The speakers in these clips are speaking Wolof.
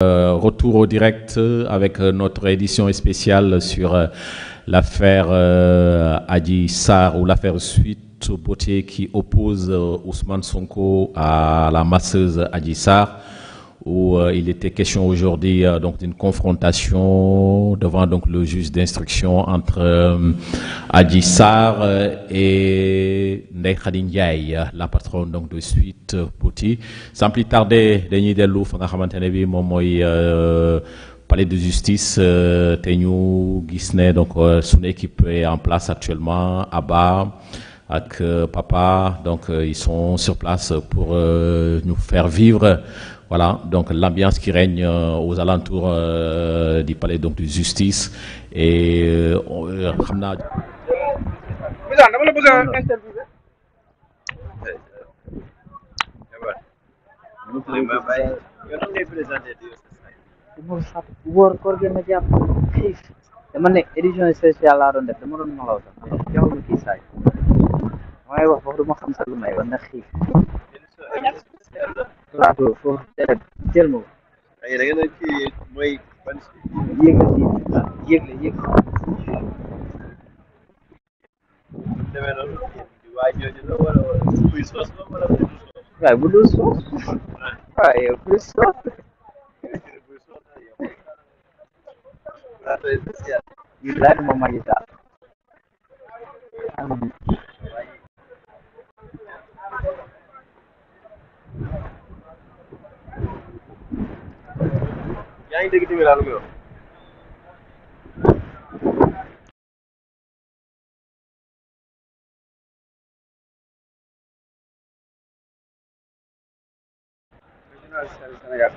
Euh, retour au direct avec euh, notre édition spéciale sur euh, l'affaire euh, ou l'affaire Suite Beauté qui oppose Ousmane Sonko à la masseuse Adi où euh, il était question aujourd'hui euh, donc d'une confrontation devant donc le juge d'instruction entre euh, Sarr euh, et Ndeye Khady la patronne donc de suite Bouti. sans plus tarder Denis dellu fa nga palais de justice te ñu son donc son équipe est en place actuellement Abba ak Papa donc ils sont sur place pour nous faire vivre voilà, donc l'ambiance qui règne euh, aux alentours euh, du palais donc, de justice. Et euh, la profond dara tellement ay da ngeen ci mooy ban yéeg ci yéeg la yéeg demee noonu di waa jooju la wala wala muy sos la wala muy sos waaye bu dul sos waaye bu dul sos Ibrahim Mamajita. Amin. ഞാൻ ticket വരാറുള്ളൂ Gracias.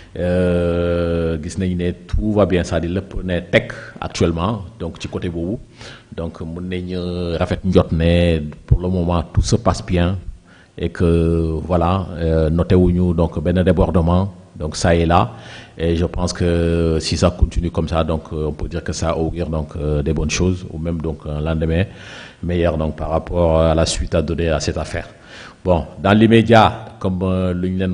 Euh, gis nañ tout va bien ça dit le le ne actuellement donc ci côté vous donc pour le moment tout se passe bien et que voilà euh, noté wuñu donc ben débordement donc ça est là et je pense que si ça continue comme ça donc euh, on peut dire que ça augure donc des bonnes choses ou même donc un lendemain meilleur donc par rapport à la suite à donner à cette affaire bon dans l'immédiat comme le ñu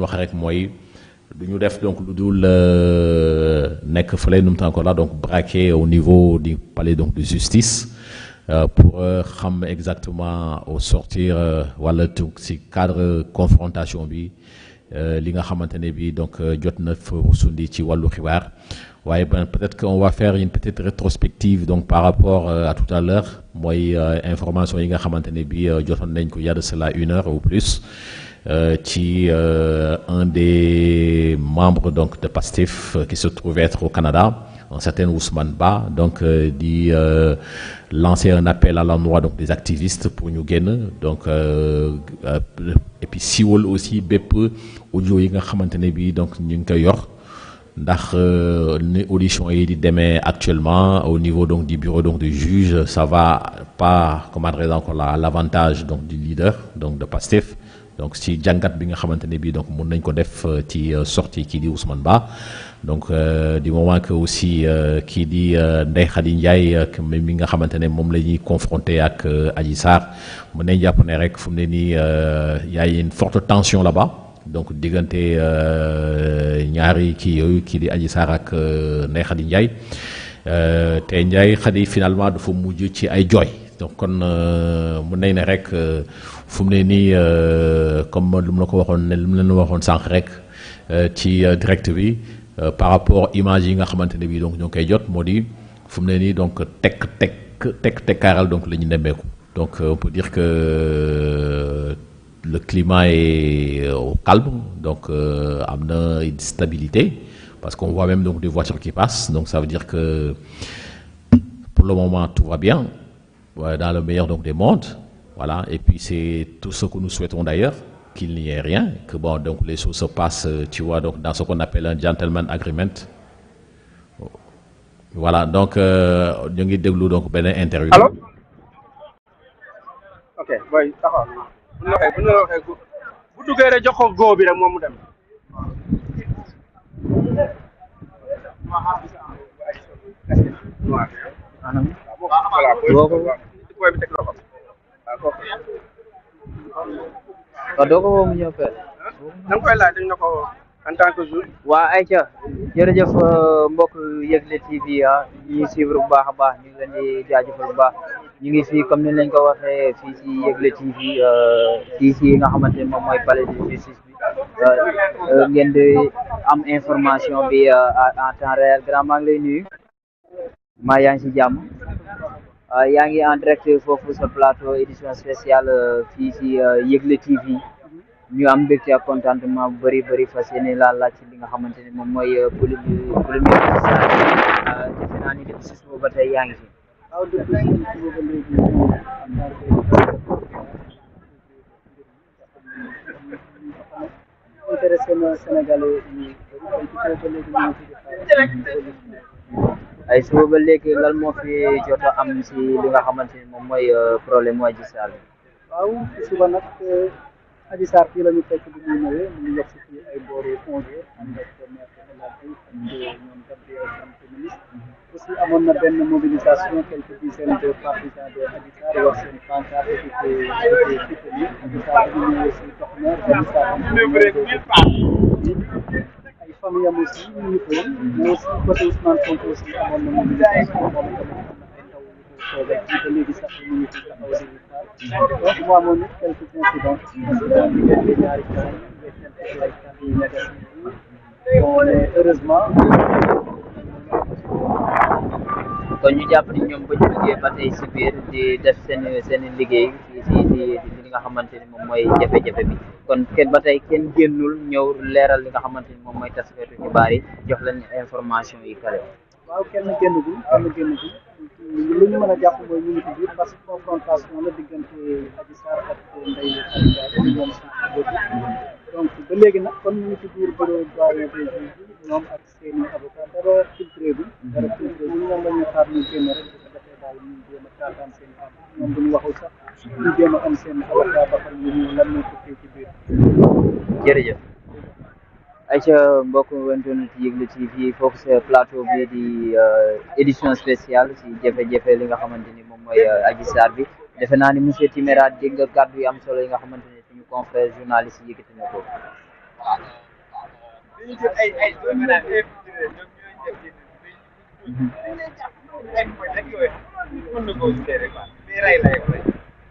du def donc lu dul euh, nekk nous nu encore là donc braqué au niveau du palais donc de justice euh, pour euh, xam exactement au sortir wala tout ces cadre confrontation bi li nga xamantene bi donc jot na fa sundi ci walu xibar waaye ben peut-être qu'on va faire une petite rétrospective donc par rapport à tout à l'heure moy information yi nga xamantene bi jotone nañ ko y de cela une heure ou plus euh, qui euh, un des membres donc de PASTEF euh, qui se trouvait être au Canada un certain Ousmane Ba donc lancé lancer un appel à l'endroit donc des activistes pour nous gagner. donc et puis siwol aussi Bep audio yi nga vous bi donc ñu que actuellement au niveau donc du bureau donc du juge ça va pas comme adresse encore l'avantage donc du leader donc de PASTEF donc ci jangat bi nga xamantene bi donc mun nañ ko def euh, ci euh, sortie kii di Ousmane Ba donc euh, du moment que aussi kidi di Ndeye Khady Ndiaye ak mi nga xamantene mom lañuy confronter confronté ak Adji Sarr mun nañ jàpp ne rek fu mu ni nii y a une forte tension là-bas. donc diggante ñaari ki yooyu kii di Adji Sarr ak Ndeye Khady Ndiaye te Ndiaye Khadi finalement dafa mujj ci ay joy donc kon mun nañ ne rek fu mu euh, comme lu lako la ne lu len leen sank rek euh, ci euh, direct bi par rapport image yi nga xamante bi donc ñoo ngi jot modi di fu mu ne nii donc tek tekk tekk donc lañu nembeku donc on peut dire que le climat est au calme donc am na une stabilité parce qu'on voit même donc des voitures qui passent donc ça veut dire que pour le moment tout va bien dans le meilleur donc des mondes. Voilà, et puis c'est tout ce que nous souhaitons d'ailleurs, qu'il n'y ait rien, que bon, donc les choses se passent, euh, tu vois, donc dans ce qu'on appelle un gentleman agreement. Voilà, donc, on euh, nous donc interview. Ok, waaw doo ko woo mu ñëw père. da koy laaj dañ na ko en tant que jour. waa ayca jërëjëf mbokk Yegle TV ah ñuy suivre bu baax a baax ñu ngi leen di jaajëfal bu baax ñu ngi fii comme ni lañ ko waxee fii si Yegle TV fii si nga xamante ne moom mooy palais de justice bi ngeen di am information bi en temps réel grand maa ngi lay nuyu. maa yaa ngi si jàmm. Ah, yaa ngi en direct foofu sa plateau édition spéciale euh, fii si euh, Yëgle TV mhm. ñu am mbégte ak contentement bu bari bëri fas yéene laa laaj ci li nga xamante ne moom mooy euh, polémique polémique ah, defe naa ni depuis si ah, suba ba tey yaa ngi fi. intéressé na Sénégalais ay suba ba léegi lan moo fi jot a am si li nga xamante ni moom mooy euh, problème mu Adji Sarr waaw suba nag euh, Adji Sarr fii la ñu fekk bu ñuy ñëwee ñu yegg si fii ay boori onze heures ànd ak maître El Hadji ak ñoom Gabriel Kane féministe aussi amoon na benn mobilisation quelques dizaines de partisans de Adji Sarr wax seen pancarte di ko di ko soutenir Adji Sarr dañu ñëwee si dox na Adji Sarr famille muslim ñu ko won untuk suñu côté kon ñu jàpp ni ñoom bu ñu duggee ba tey si biir di def seen seen liggéey si si si li moom mooy jafe-jafe bi kon kenn ba tey kenn génnul ñëw leeral li nga xamante ni moom mooy taskatu xibaar yi jox leen information yi kare. waaw kenn génnagul kenn génnagul ñu mën a jàpp mooy ñu ngi ci parce que confrontation la diggante Adji Sarr ak Ndeye donc ba léegi nag kon ñu ngi ci biir bureau doyen des juges ñoom ak ñu jéem a am seen avocat ba xam ne ñu lan moo tukkee jërëjëf. ayca mbokk wentoon ci Yegle TV foofu plateau bi di euh, édition spéciale si jafe-jafe li nga xamante ni moom mooy euh, Adji Sarr bi defe naa ni monsieur Timéra dégg nga kàddu yu am solo yi nga xamante ni suñu confrère journaliste yi yëkkati na ko. Mm-hmm.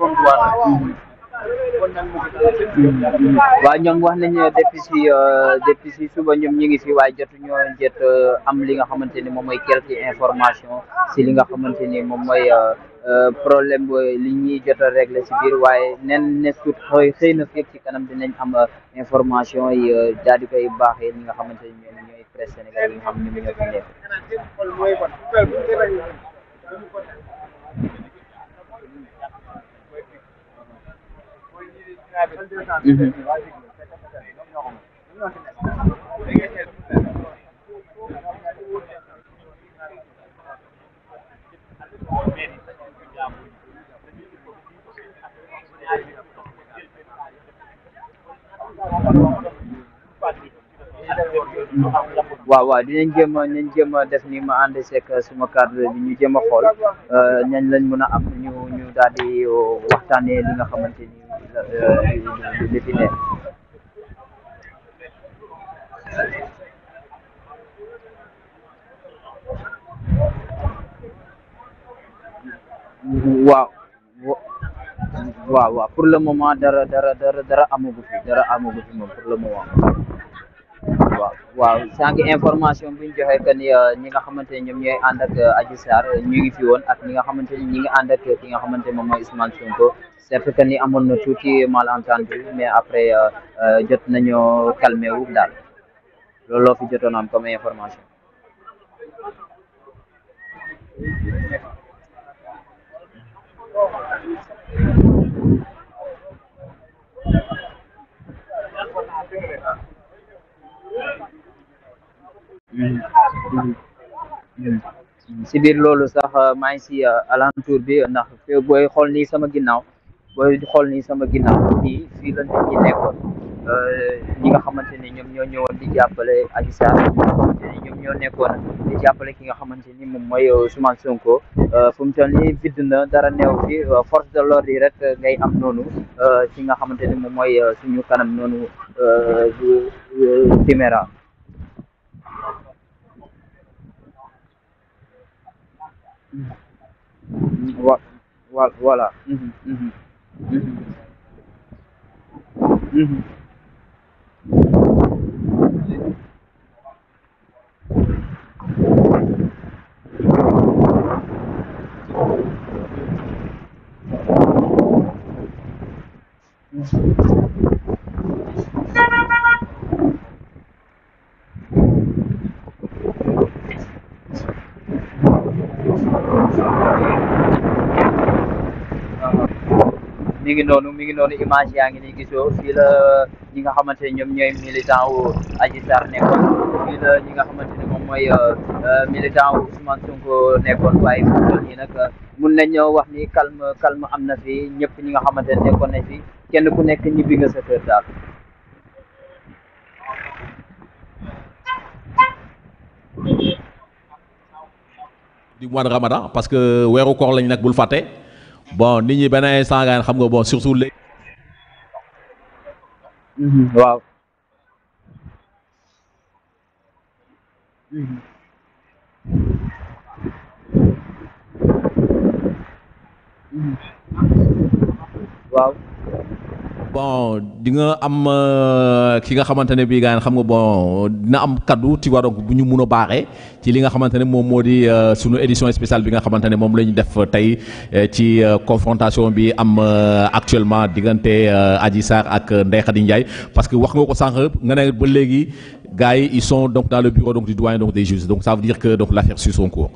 tontuwaat waaw ñoom wax nañu depuis si depuis si suba ñoom ñu ngi si waaye jotuñoo jot am li nga xamante ni moom mooy quelque information si li nga xamante ni moom mooy problème li ñuy jot a régler si biir waaye nen ne suut xëy xëy na fekk ci kanam dinañ am information yi daal di koy baaxee ñi nga xamante ni ñooy presse sénégal yi nga xam ne ñoom ñoo fi waaw waaw dinañ jéem a dinañ jéem a def ni ma ànd seeg suma cadre bi ñu jéem a xool euh, ñañ mën a am ñu ñu daal di waxtaanee li nga xamante di sini Wow, wow, wow, kurlamu ma darah, darah dara darah amu gufi dara amu gufi ma kurlamu wa waaw sànq information buñ joxe kan ya ñi nga xamanteni ñom ñoy and ak aji sar ñu ngi fi won ak ñi nga xamanteni ñi ngi and ak ki nga xamanteni mom moy ismaël Sonko c'est que ni amon na mal entendu mais après jot nañu calmé wu dal lolo fi jotona am comme information. si biir loolu sax euh, maa ngi si euh, alentour bi ndax booy xool nii sama ginnaaw booy xool nii sama ginnaaw fii fii ñi nekkoon euh, ñi nga xamante ne ñoom ñoo ñëwoon di jàppale Adji Sarr ñoom ñoo nekkoon di jàppale ki nga xamante ni moom mooy Ousmane Sonko fu mu toll nii na dara neew fi force de l'ordre rek ngay am noonu ci nga xamante ni moom mooy suñu kanam noonu caméra Voilà. Mhm, mhm. Mhm. ñu ngi noonu mi ngi noonu image yaa ngi ni gisoo fii la ñi nga xamante ne ñoom ñooy militant wu Adji Sarr nekkoon fii la ñi nga xamante ne moom mooy euh, militant wu Ousmane Sonko nekkoon waaye mu toll nii nag mun wax ni kalm calme am na fi ñëpp ñi nga xamante ne nekkoon nañ fi kenn ku nekk ñibbi nga sa kër daal. du mois de parce que weeru koor lañ nag bul fàtte. bon nit ñi benn instant nga xam nga bon surtout léegi. Mhm, waaw. Mm-hmm. bon di nga am euh, ki nga xamante bi bii gaan xam nga bon dina am cadeau ti vois buñu bu ñu ci li nga xamante mom modi moo di euh, édition spéciale bi nga xamante mom moom def tay euh, ci confrontation bi am actuellement diganté Adji Sarr ak Ndeye Khady Ndiaye parce que wax nga ko sank nga né ba légui gaay ils sont donc dans le bureau donc du doyen donc des juges donc ça veut dire que donc l'affaire suit son cours.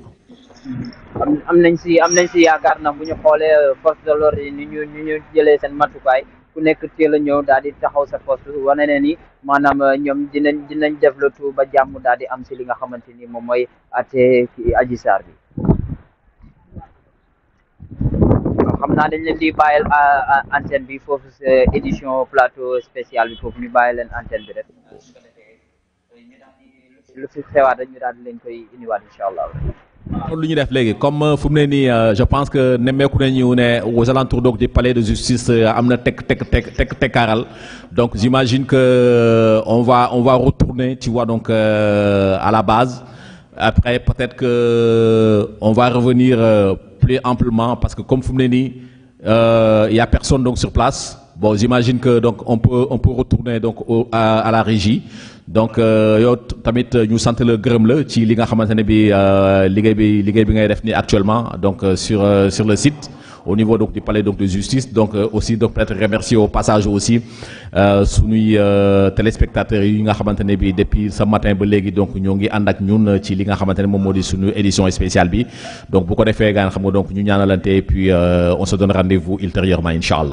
am nañ ci am nañ ci yaakaar na bu ñu xoolee force de l'ordre yi ni ñu ni ñu jëlee seen matukaay. ku nekk teel la ñëw daal di taxaw sa poste wane ne ni maanaam eh, ñoom dinañ dinañ def le ba jàmm daal di am si li nga xamante ni moom mooy atte Adji Sarr bi xam naa dañ leen di bàyyil eh, eh, antenne bi foofu édition plateau spécial bi foofu ñu bàyyi leen antenne bi rek lu fi xewaat rek daal di leen koy indiwaat incha allah comme euh, fu euh, je pense que nous sommes aux alentours donc du palais de justice euh, donc j'imagine que on va on va retourner tu vois donc à la base après peut-être que on va revenir plus amplement parce que comme fu il y a personne donc sur place. Bon, j'imagine que donc on peut on peut retourner donc au, à, à la régie donc euh, tamit euh, ñu santé le gërëm la ci li nga xamantene bi euh, liggéey bi liggéey bi ngay def ni actuellement donc sur sur le site au niveau donc du palais donc de justice donc aussi donc peut-être remercier au passage aussi suñuy téléspectateurs yi nga xamantene bi depuis ce matin ba légui donc ñoo ngi ànd ak ñun ci li nga xamantene mom modi suñu édition spéciale bi donc bu ko défé gaan xam nga donc ñu ñaanalante et puis on se donne rendez-vous ultérieurement inshallah